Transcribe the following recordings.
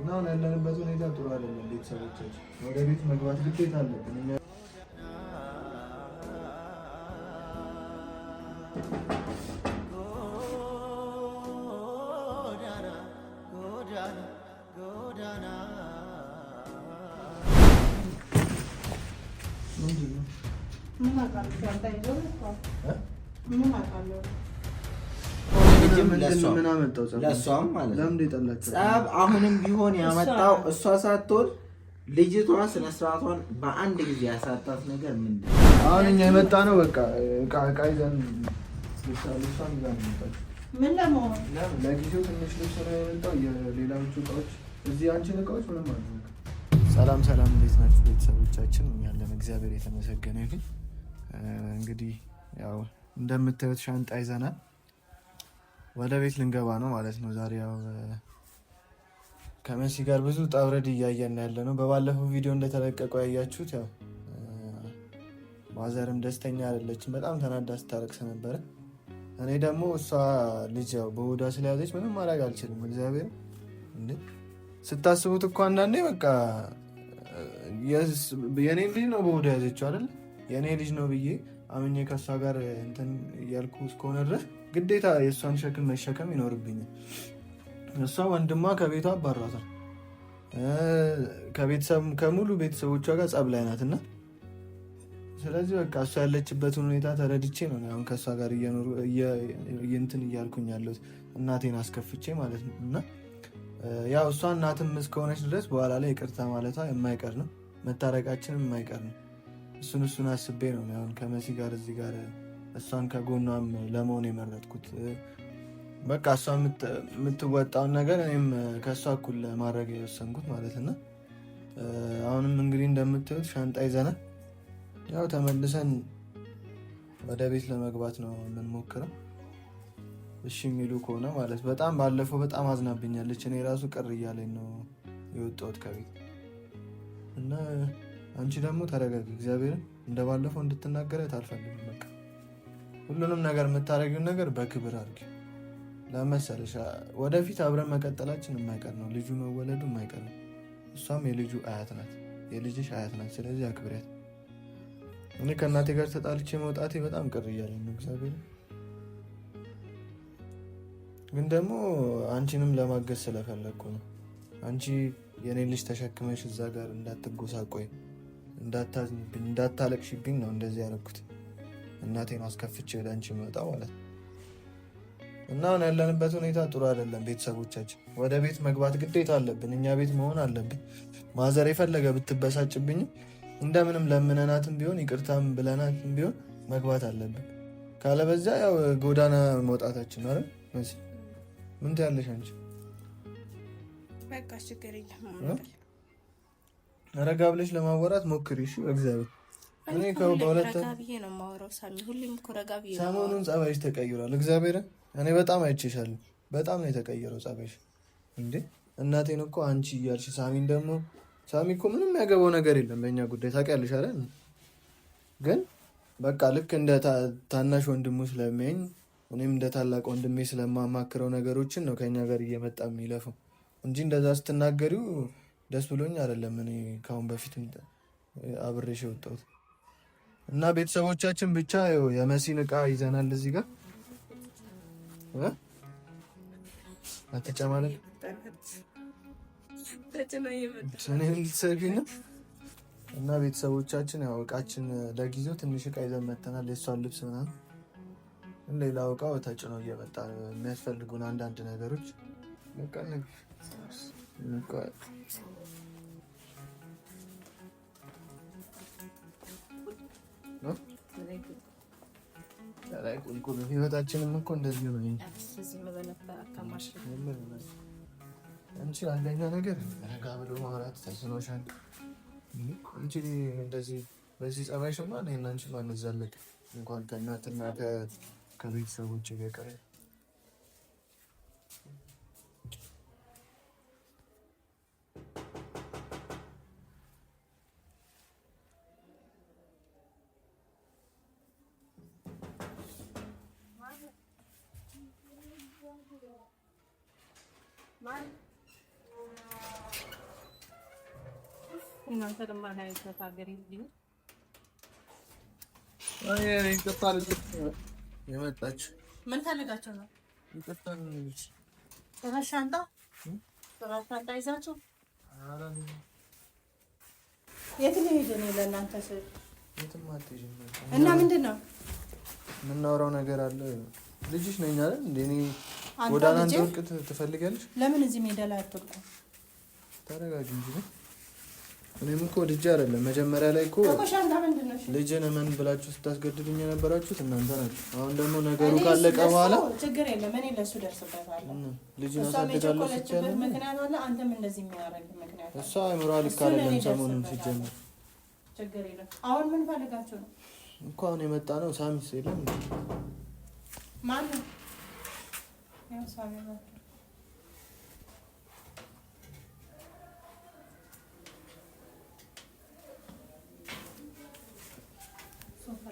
እና ያለንበት ሁኔታ ጥሩ አይደለም። ቤተሰቦቻችን ወደ ቤት መግባት ግዴታ አለብን። ምን አመጣው? ለእሷም ማለት ነው ጸብ አሁንም ቢሆን ያመጣው እሷ ሳትሆን ልጅቷ ስነ ስርዓቷን በአንድ ጊዜ ያሳጣት ነገር ምንድን ነው? አሁን እኛ የመጣ ነው በቃ ዕቃ ዕቃ ይዘን ልብሷን ይዘን ምን ለመሆን ለጊዜው ትንሽ ልብስ ነው የመጣው። የሌላዎቹ እቃዎች እዚህ አንቺን እቃዎች ምንም አለ። ሰላም ሰላም፣ እንዴት ናችሁ ቤተሰቦቻችን? ያለን እግዚአብሔር የተመሰገነ ይሁን። እንግዲህ ያው እንደምታዩት ሻንጣ ይዘናል። ወደ ቤት ልንገባ ነው ማለት ነው። ዛሬ ያው ከመሲ ጋር ብዙ ጠብረድ እያየን ያለ ነው። በባለፈው ቪዲዮ እንደተለቀቀው ያያችሁት ያው ማዘርም ደስተኛ አይደለችም። በጣም ተናዳ ስታለቅስ ነበረ። እኔ ደግሞ እሷ ልጅ ያው በውዳ ስለያዘች ምንም ማድረግ አልችልም። እግዚአብሔር ስታስቡት እኮ አንዳንዴ በቃ የእኔ ልጅ ነው በውዳ ያዘችው አይደል? የእኔ ልጅ ነው ብዬ አምኜ ከእሷ ጋር እንትን እያልኩ እስከሆነ ድረስ ግዴታ የእሷን ሸክም መሸከም ይኖርብኛል። እሷ ወንድሟ ከቤቷ አባሯታል። ከቤተሰብ ከሙሉ ቤተሰቦቿ ጋር ጸብ ላይ ናት እና ስለዚህ በቃ እሷ ያለችበትን ሁኔታ ተረድቼ ነው አሁን ከእሷ ጋር እንትን እያልኩኝ ያለሁት እናቴን አስከፍቼ ማለት ነው። እና ያው እሷ እናትም እስከሆነች ድረስ በኋላ ላይ ይቅርታ ማለቷ የማይቀር ነው፣ መታረቃችን የማይቀር ነው። እሱን እሱን አስቤ ነው አሁን ከመሲ ጋር እዚህ ጋር እሷን ከጎኗም ለመሆን የመረጥኩት በቃ እሷ የምትወጣውን ነገር እኔም ከእሷ እኩል ለማድረግ የወሰንኩት ማለት ነው አሁንም እንግዲህ እንደምታዩት ሻንጣ ይዘናል። ያው ተመልሰን ወደ ቤት ለመግባት ነው የምንሞክረው። እሺ የሚሉ ከሆነ ማለት በጣም ባለፈው በጣም አዝናብኛለች። እኔ ራሱ ቅር እያለኝ ነው የወጣሁት ከቤት እና አንቺ ደግሞ ተረጋግ፣ እግዚአብሔርን እንደባለፈው እንድትናገረት አልፈልግም በቃ ሁሉንም ነገር የምታደርጊውን ነገር በክብር አድርጊ። ለመሰለሽ ወደፊት አብረን መቀጠላችን የማይቀር ነው። ልጁ መወለዱ የማይቀር ነው። እሷም የልጁ አያት ናት፣ የልጅሽ አያት ናት። ስለዚህ አክብሪያት። እኔ ከእናቴ ጋር ተጣልቼ መውጣቴ በጣም ቅር እያለኝ ነው። እግዚአብሔር ግን ደግሞ አንቺንም ለማገዝ ስለፈለግኩ ነው። አንቺ የኔ ልጅ ተሸክመሽ እዛ ጋር እንዳትጎሳቆይ፣ እንዳታዝንብኝ፣ እንዳታለቅሽብኝ ነው እንደዚህ ያደረኩት። እናቴን አስከፍቼ ወደ አንቺ መጣ ማለት ነው። እና አሁን ያለንበት ሁኔታ ጥሩ አይደለም። ቤተሰቦቻችን ወደ ቤት መግባት ግዴታ አለብን፣ እኛ ቤት መሆን አለብን። ማዘር የፈለገ ብትበሳጭብኝ እንደምንም ለምነናትም ቢሆን ይቅርታም ብለናትም ቢሆን መግባት አለብን። ካለበዚያ ያው ጎዳና መውጣታችን አለ። ምን ትያለሽ አንቺ? በቃ ችግር የለም ረጋ ብለሽ ለማወራት ሞክሪ። እሺ በእግዚአብሔር ብዬ እኮ ሰሞኑን ጸባይሽ ተቀይሯል። እግዚአብሔር እኔ በጣም አይቼሻለሁ። በጣም ነው የተቀየረው ጸባይሽ። እንዴ እናቴን እኮ አንቺ እያልሽ ሳሚን ደግሞ ሳሚ እኮ ምንም የሚያገባው ነገር የለም በእኛ ጉዳይ ታውቂያለሽ አይደል? ግን በቃ ልክ እንደ ታናሽ ወንድሙ ስለሚያኝ እኔም እንደ ታላቅ ወንድሜ ስለማማክረው ነገሮችን ነው ከኛ ጋር እየመጣ የሚለፈው እንጂ እንደዛ ስትናገሪው ደስ ብሎኝ አይደለም። እኔ ከአሁን በፊት አብሬሽ የወጣሁት እና ቤተሰቦቻችን ብቻ የመሲን እቃ ይዘናል። እዚህ ጋር አትጨማለል እና ቤተሰቦቻችን ያው እቃችን ለጊዜው ትንሽ እቃ ይዘን መተናል። የእሷን ልብስ ምናምን፣ ሌላው እቃው ተጭኖ እየመጣ የሚያስፈልጉን አንዳንድ ነገሮች ላይ ቁልቁል ህይወታችንም እኮ እንደዚህ ነው። አንቺ አንደኛ ነገር ረጋ ብሎ ማውራት ተስኖሻል። አንቺ እንደዚህ በዚህ ጸባይሽማ እኔና አንቺ ማንዛለቅ እንኳን ከእናትና ከቤተሰቦች ገቀረ እናንተ ለማን አይነት ሀገር የመጣች ምን ፈልጋቸው ነው? ሻንጣ ሻንጣ ይዛችሁ የት ልሄድ እኔ ለእናንተ እና ምንድን ነው የምናወራው ነገር አለ። ልጅሽ ነኝ አይደል እንደ እኔ ወደ አንተ ወርቅ ለምን እዚህ ሜዳ ላይ አትወድቁ? ተረጋጊ እንጂ እኔም እኮ ልጅ አይደለም መጀመሪያ ላይ እኮ ልጅን ምን ብላችሁ ስታስገድዱኝ የነበራችሁት እናንተ ናችሁ። አሁን ደግሞ ነገሩ ካለቀ በኋላ ችግር የለም እኔ ለሱ ደርስበታለሁ። ልጅን አሳድጋለሁ ሲቻለ ምክንያት አለ። አንተም እንደዚህ የሚያደርግ ምክንያት እሷ አይምሮ ልክ አይደለም። ሰሞኑን ሲጀምር ችግር የለም። አሁን ምን ፈልጋችሁ ነው እኮ አሁን የመጣ ነው። ሳሚስ የለም ማነው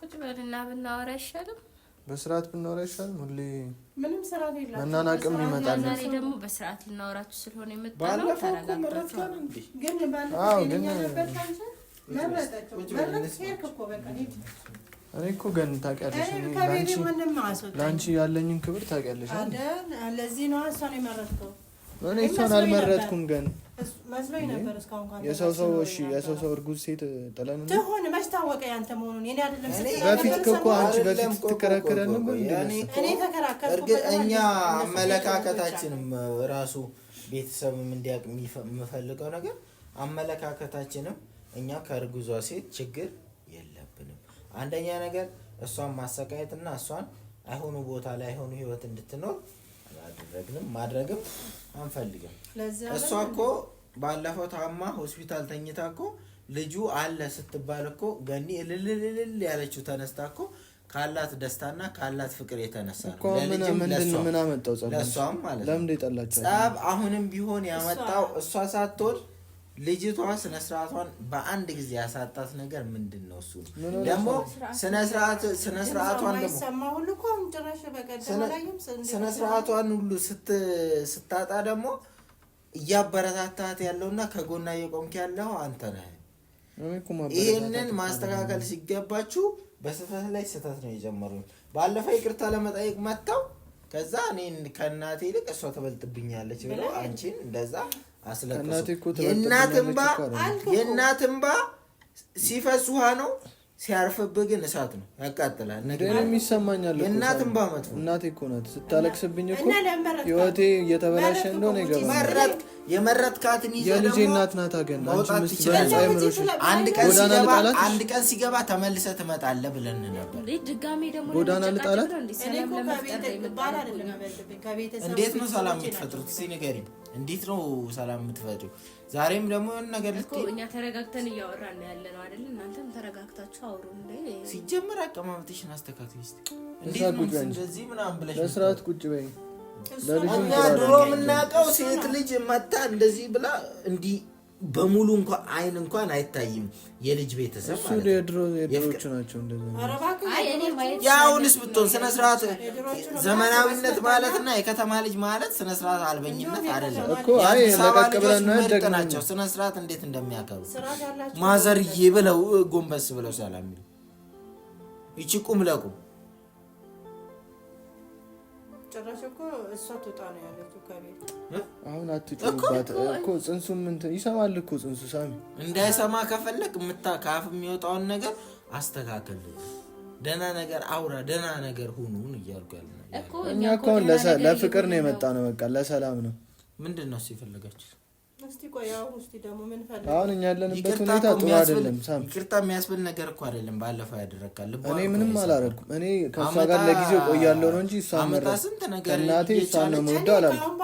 ቁጭ በልና ብናወራ አይሻልም? በስርዓት ብናወራ ይሻል። ሁሌ ምንም ስርዓት የለም፣ መናናቅም ይመጣል። ዛሬ ደግሞ በስርዓት ልናወራችሁ ስለሆነ የመጣ ነው። እኔ እኮ ገን ታውቂያለሽ፣ ለአንቺ ያለኝን ክብር ታውቂያለሽ። ለዚህ ነው እሷን የመረጥከው። እኔ እሷን አልመረጥኩም ገን መስሎኝ ነበር የሰው ሰው እሺ፣ የሰው ሰው እርጉዝ ሴት ጥለን ትሆን ያንተ መሆኑን። እኔ አይደለም በፊት እኮ አንቺ በፊት ትከራከረን እኛ አመለካከታችንም ራሱ ቤተሰብም እንዲያውቅ የምፈልገው ነገር አመለካከታችንም እኛ ከእርጉዟ ሴት ችግር የለብንም። አንደኛ ነገር እሷን ማሰቃየትና እሷን አይሆኑ ቦታ ላይ አይሆኑ ህይወት እንድትኖር አላደረግንም፣ ማድረግም አንፈልግም። እሷ እኮ ባለፈው ታማ ሆስፒታል ተኝታ እኮ ልጁ አለ ስትባል እኮ ገኒ እልልልልል ያለችው ተነስታ እኮ ካላት ደስታና ካላት ፍቅር የተነሳ ነው። ለእሷም ማለት ነው። ለምንድን የጠላቸው ጸብ አሁንም ቢሆን ያመጣው እሷ ሳትወድ ልጅቷ ስነ ስርዓቷን በአንድ ጊዜ ያሳጣት ነገር ምንድን ነው? እሱ ደግሞ ስነ ስርዓቷን ሁሉ ስታጣ ደግሞ እያበረታታት ያለውና ከጎና እየቆምክ ያለው አንተ ነህ። ይህንን ማስተካከል ሲገባችሁ በስህተት ላይ ስህተት ነው የጀመሩት። ባለፈው ይቅርታ ለመጠየቅ መጥተው ከዛ እኔ ከእናቴ ይልቅ እሷ ትበልጥብኛለች ብለው አንቺን እንደዛ አስለቀሱ። የእናት እንባ ሲፈስ ውሃ ነው። ሲያርፍብህ ግን እሳት ነው ያቃጥላል። እኔም ይሰማኛል። እናት እንባ እናቴ እኮ ናት። ስታለቅስብኝ እኮ ህይወቴ እየተበላሸ እንደሆነ ይገባል። የመረጥካትን የልጄ እናት ናት። አንድ ቀን ሲገባ ተመልሰህ ትመጣለህ ብለን ነበር። ጎዳና ልጣላት። እንዴት ነው ሰላም የምትፈጥሩት? እስኪ ንገሪኝ፣ እንዴት ነው ሰላም የምትፈጥሩት? ዛሬም ደግሞ የሆነ ነገር እኛ ተረጋግተን እያወራን ነው ያለ ነው አይደል? እናንተም ተረጋግታችሁ አውሩ። እንደ ሲጀምር አቀማመጥሽን አስተካክል እስኪ። እንዴት እንደዚህ ምናምን ብለሽ በስርዓት ቁጭ በይ። እኛ ድሮ የምናውቀው ሴት ልጅ መታ እንደዚህ ብላ እንዲህ በሙሉ እንኳን አይን እንኳን አይታይም። የልጅ ቤተሰብ ማለት ነው። ናቸው እንደዚህ የአሁንስ ብትሆን ስነ ስርዓት ዘመናዊነት ማለትና የከተማ ልጅ ማለት ስነ ስርዓት አልበኝነት አይደለም። የአዲስ አበባ ልጆች ምርጥ ናቸው። ስነ ስርዓት እንዴት እንደሚያከብሩ ማዘርዬ ብለው ጎንበስ ብለው ሰላም የሚሉ ይቺ ቁም ለቁም አሁን አትጩባት እኮ ፅንሱ እንትን ይሰማል እኮ ጽንሱ ሳሚ እንዳይሰማ ከፈለግ ምታ ከአፍ የሚወጣውን ነገር አስተካከል። ደህና ነገር አውራ፣ ደህና ነገር ሁኑን እያልኩ ያለ እኛ እኮ ለፍቅር ነው የመጣ ነው። በቃ ለሰላም ነው። ምንድን ነው ሲፈልጋችሁ? አሁን እኛ ያለንበት ሁኔታ ጥሩ አይደለም። ይቅርታ የሚያስብል ነገር እኮ አይደለም። ባለፈው ያደረግካል። እኔ ምንም አላደረኩም። እኔ ከእሷ ጋር ለጊዜው ቆያለሁ ነው እንጂ እሷ መራ እናቴ እሷ ነው መወደ አላልኩም።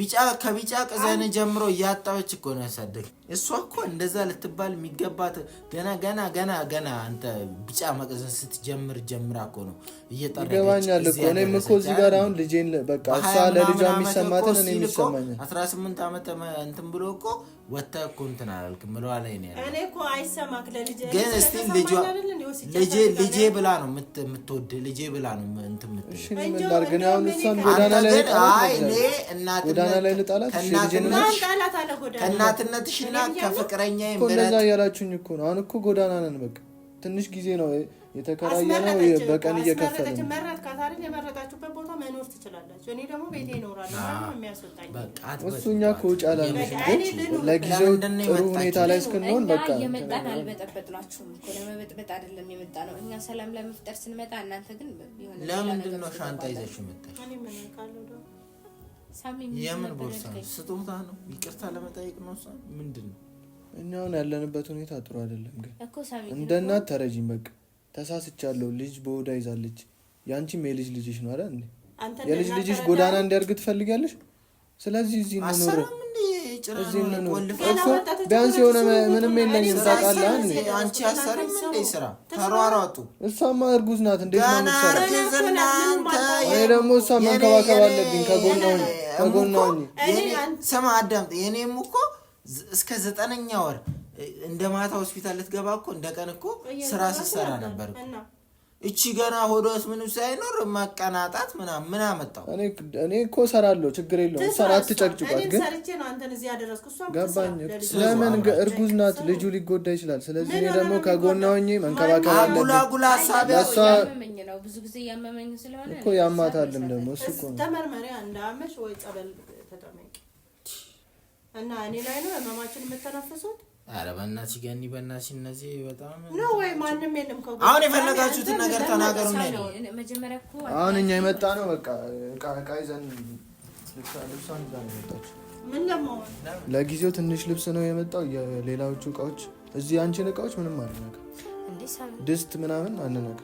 ቢጫ ከቢጫ ቅዘን ጀምሮ እያጣበች እኮ ነው ያሳደግ እሷ እኮ እንደዛ ልትባል የሚገባት ገና ገና ገና ገና አንተ ቢጫ መቅዘን ስትጀምር ጀምራ እኮ ነው እየጠረገች። ይገባኛል እኮ እኔም እኮ እዚህ ጋር አሁን ልጄን በቃ እሷ ለልጇ የሚሰማትን እኔ የሚሰማኝ አስራ ስምንት ዓመት እንትን ብሎ እኮ ወጥተህ እኮ እንትን አላልክም። ምለዋ ላይ ነው ያለው። እኔ እኮ አይሰማክ ለልጄ ግን እስቲ ልጄ ብላ ነው የምትወድ ልጄ ብላ ነው እንትን የምትል እንጂ አሁን ላይ አይ ላይ ልጣላት ከፍቅረኛ ይምረት እያላችሁኝ እኮ ነው። አሁን እኮ ጎዳና ነን በቃ ትንሽ ጊዜ ነው የተከራየ ነው። በቀን እየከፈለ ነው። መረጥካት አይደል? የመረጣችሁበት ቦታ መኖር ትችላላችሁ። እኔ ደግሞ ቤቴ ይኖራል። የሚያስወጣኝ እሱ እኛ ከውጭ አላለች። ለጊዜው ጥሩ ሁኔታ ላይ እስክንሆን በቃ የመጣን አልበጠበጥናችሁም እኮ ለመበጥበጥ አይደለም የመጣ ነው። እኛ ሰላም ለመፍጠር ስንመጣ እናንተ ግን ለምንድን ነው ሻንጣ ይዘሽ መጣሽ? የምን ቦርሳ ነው? ስጦታ ነው? ይቅርታ ለመጠየቅ ነው። ምንድን ነው እኛ አሁን ያለንበት ሁኔታ ጥሩ አይደለም። ግን እንደ እናት ተረጂም በቃ ተሳስቻለሁ፣ ልጅ በወዳ ይዛለች። የአንቺም የልጅ ልጅሽ ነው አይደል? የልጅ ልጅሽ ጎዳና እንዲያርግ ትፈልጊያለሽ። ስለዚህ እዚህ እንኖር ቢያንስ የሆነ ምንም የለኝም ታውቃለህ። ተሯሯጡ። እሷማ እርጉዝ ናት። እንዴት ደግሞ እሷ መንከባከብ አለብኝ። ከጎኗ ከጎኗ ስማ፣ አዳምጥ። የእኔም እኮ እስከ ዘጠነኛ ወር እንደ ማታ ሆስፒታል ልትገባ እኮ እንደ ቀን እኮ ስራ ስትሰራ ነበር። እቺ ገና ሆዶስ ምንም ሳይኖር ማቀናጣት ምናምን ምን አመጣው? እኔ እኮ እሰራለሁ፣ ችግር የለውም። ሰራ አትጨቅጭቋት። ግን ገባኝ። ለምን እርጉዝ ናት፣ ልጁ ሊጎዳ ይችላል። ስለዚህ እኔ ደግሞ ከጎኗ ሆኜ መንከባከብ አለብኝ። አጉላ ሳቢያ ብዙ ጊዜ እያመመኝ ስለሆነ እኮ ያማታልም ደግሞ እሱ እኮ ተመርመሪያ እንዳመሽ ወይ ጸበል ተጠመቂ እና እኔ ላይ ነው ህመማችን የምተነፍሱት ኧረ በእናትሽ ገኒ፣ በእናትሽ እነዚህ በጣም ነው። ወይ ማንም የለም። አሁን የፈለጋችሁትን ነገር ተናገሩ። አሁን እኛ የመጣ ነው በቃ ዕቃ ዕቃ ይዘን ልብሷን ይዛ ነው የመጣችው። ለጊዜው ትንሽ ልብስ ነው የመጣው። የሌላዎቹ እቃዎች እዚህ አንቺን እቃዎች ምንም አንነካ፣ ድስት ምናምን አንነካ።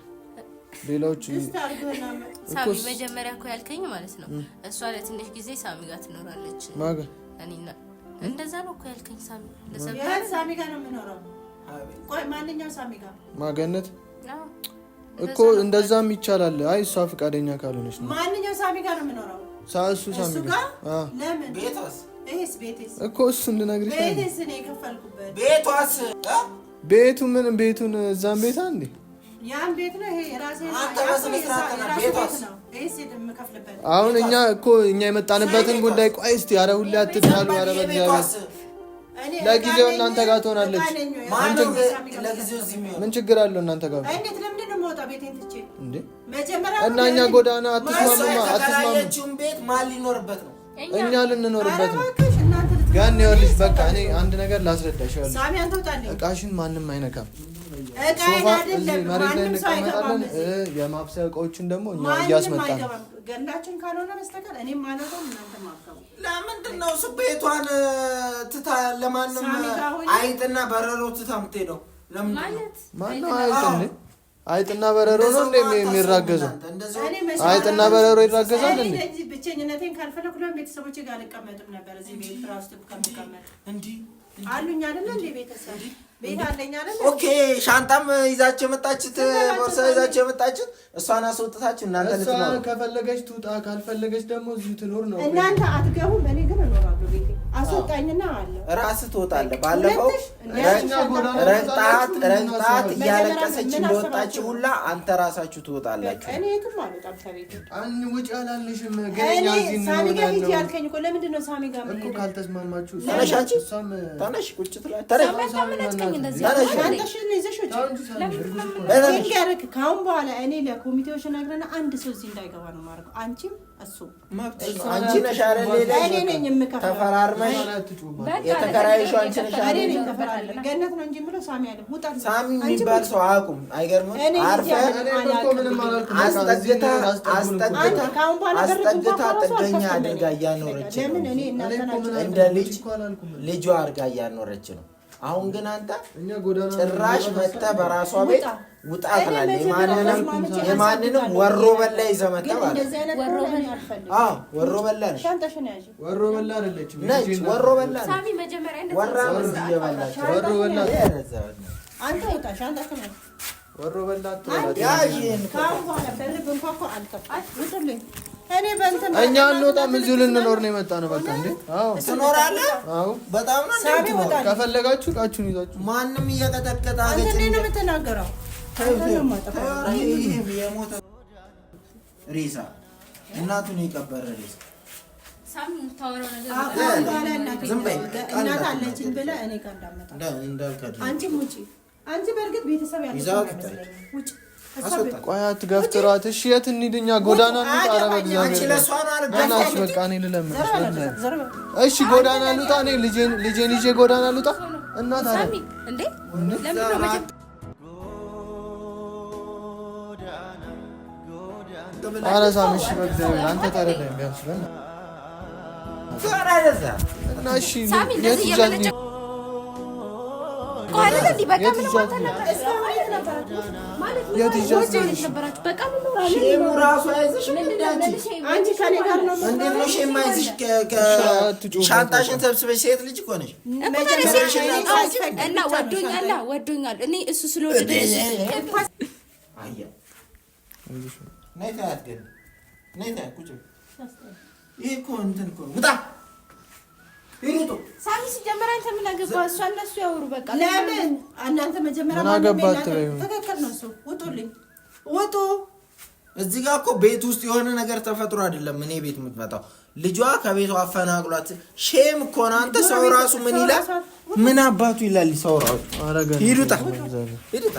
ሌላዎቹ ሳሚ መጀመሪያ እኮ ያልከኝ ማለት ነው። እሷ ለትንሽ ጊዜ ሳሚ ጋር ትኖራለች። ማን ጋር? እኔና እንደዛ ነው እኮ ያልከኝ። ሳሚ ሳሚ ጋር ነው የምኖረው። ቆይ ማንኛው ሳሚ ጋር ማገነት እኮ እንደዛም ይቻላል። አይ እሷ ፈቃደኛ ካልሆነች ነው። ማንኛው ሳሚ ጋር ነው የምኖረው። ሳሱ ሳሚ ጋር ለምን ቤቷስ? እኮ እሱ እንድነግርሽ ቤቱ ምን ቤቱን እዛም ቤታ እንዴ ያን ቤት ነው ይሄ የራሴ ነው። አሁን እኛ እኮ እኛ የመጣንበትን ጉዳይ ቆይ እስቲ ኧረ ሁሌ አትጣሉ። ኧረ በእግዚአብሔር ለጊዜው እናንተ ጋር ትሆናለች። ምን ችግር አለው እናንተ ጋር እና እኛ ጎዳና አትስማሙማ፣ አትስማሙም ቤት ማን ሊኖርበት ነው? እኛ ልንኖርበት ነው። ያን ይኸውልሽ፣ በቃ እኔ አንድ ነገር ላስረዳሽ። ይኸውልሽ እቃሽን ማንም አይነካም። መሬት ላይ እንቀመጣለን። የማብሰያ እቃዎችን ደግሞ እኛ እያስመጣን ገንዳችን ካልሆነ በስተቀር እናንተ ማከቡ ለምንድን ነው እሱ ቤቷን ትታ ለማንም አይጥና በረሮ ትታ የምትሄደው ማነው? አይጥና በረሮ ነው እንዴ የሚራገዘው? አይጥና በረሮ ይራገዛል እንዴ? ብቸኝነቴን ካልፈለኩ ደግሞ ቤተሰቦቼ ጋር አልቀመጥም ነበር። እዚህ ቤት ራሱ ከምቀመጥ እንዲህ አሉኝ አይደለ እንደ ቤተሰብ ኦኬ ሻንጣም ይዛቸው የመጣችት ቦርሳ ይዛቸው የመጣችት እሷን አስወጥታችሁ እናንተ ልትኖር ከፈለገች ትውጣ፣ ካልፈለገች ደግሞ እዚሁ ትኖር ነው። እናንተ አትገቡ፣ እኔ ግን እኖራለሁ። አስወጣኝና አለ ራስህ ትወጣለህ። ባለፈው ረግጣት ረግጣት እያለቀሰች እንደወጣች ሁላ አንተ ራሳችሁ ትወጣላችሁ። እኔ ውጭ አላለሽም። ሳሚ ጋር ሂጂ ያልከኝ እኮ ለምንድን ነው? ሳሚ ጋር ካልተስማማችሁ ተነሽ፣ ቁጭ ትላለች ይዘሽንገርክ ከአሁን በኋላ እኔ ለኮሚቴዎች ነግረና አንድ ሰው እዚህ እንዳይገባ ነው የማደርገው። አንቺም አንቺ ነሽ ተፈራርመሽ የተከራየሽው አንቺ ነሽ። ገነት ነው እንጂ የምለው ሳሚ አለ ውጣ። ሳሚ የሚባል ሰው አይገርምም? አስጠግታ አስጠግታ ጥገኛ አድርጋ እያኖረች ነው። እንደ ልጅ ልጇ አድርጋ እያኖረች ነው። አሁን ግን አንተ ጭራሽ መተህ በራሷ ቤት ውጣ ትላለህ። የማንንም ወሮ በላ ይዘህ መተህ ማለት ወሮ በላ ነች። ወሮ በላ ወሮ በላ እኛ አንወጣም፣ እዚሁ ልንኖር ነው የመጣ ነው። በቃ እንዴ! አዎ፣ ትኖራለህ። አዎ፣ በጣም ነው። ከፈለጋችሁ እቃችሁን ይዛችሁ ማንም እየቀጠቀጠ አንተ ነው የምትናገረው። ሬሳ እናቱን የቀበረ ሬሳ አንቺ በእርግጥ ቤተሰብ ያለ ቆይ አትገፍጥሯት። እሺ የት እንሂድ? እኛ ጎዳና እንውጣ። ኧረ በእግዚአብሔር በቃ እኔ ልለምንሽ። እሺ ጎዳና እንውጣ። እኔ ልጄን ይዤ ጎዳና እንውጣ። እናት አለ እንዴ አረሳም። እሺ በእግዚአብሔር አንተ ተረዳኝ ቢያንስ እና እሺ የት ሻንጣሽን ሰብስበሽ ሴት ልጅ እኮ ነሽ እና ወዶኛል ወዶኛል እኔ እሱ ስለወደደ ይህ እኮ እንትን እኮ ውጣ ይሩጡ። ሳሚ ሲጀመር ውጡ። እዚህ ጋር እኮ ቤት ውስጥ የሆነ ነገር ተፈጥሮ አይደለም እኔ ቤት የምትመጣው ልጇ ከቤቷ አፈናቅሏት። ሼም እኮ ነው። አንተ ሰው ራሱ ምን ይላል? ምን አባቱ ይላል ሰው ራሱ። ሂዱጣ ሂዱጣ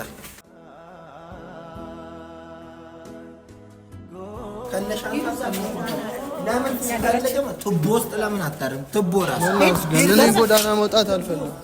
ከነሻ ለምን ቱቦ ውስጥ ለምን አታርም? ቱቦ ራሱ ጎዳና መውጣት አልፈልግም።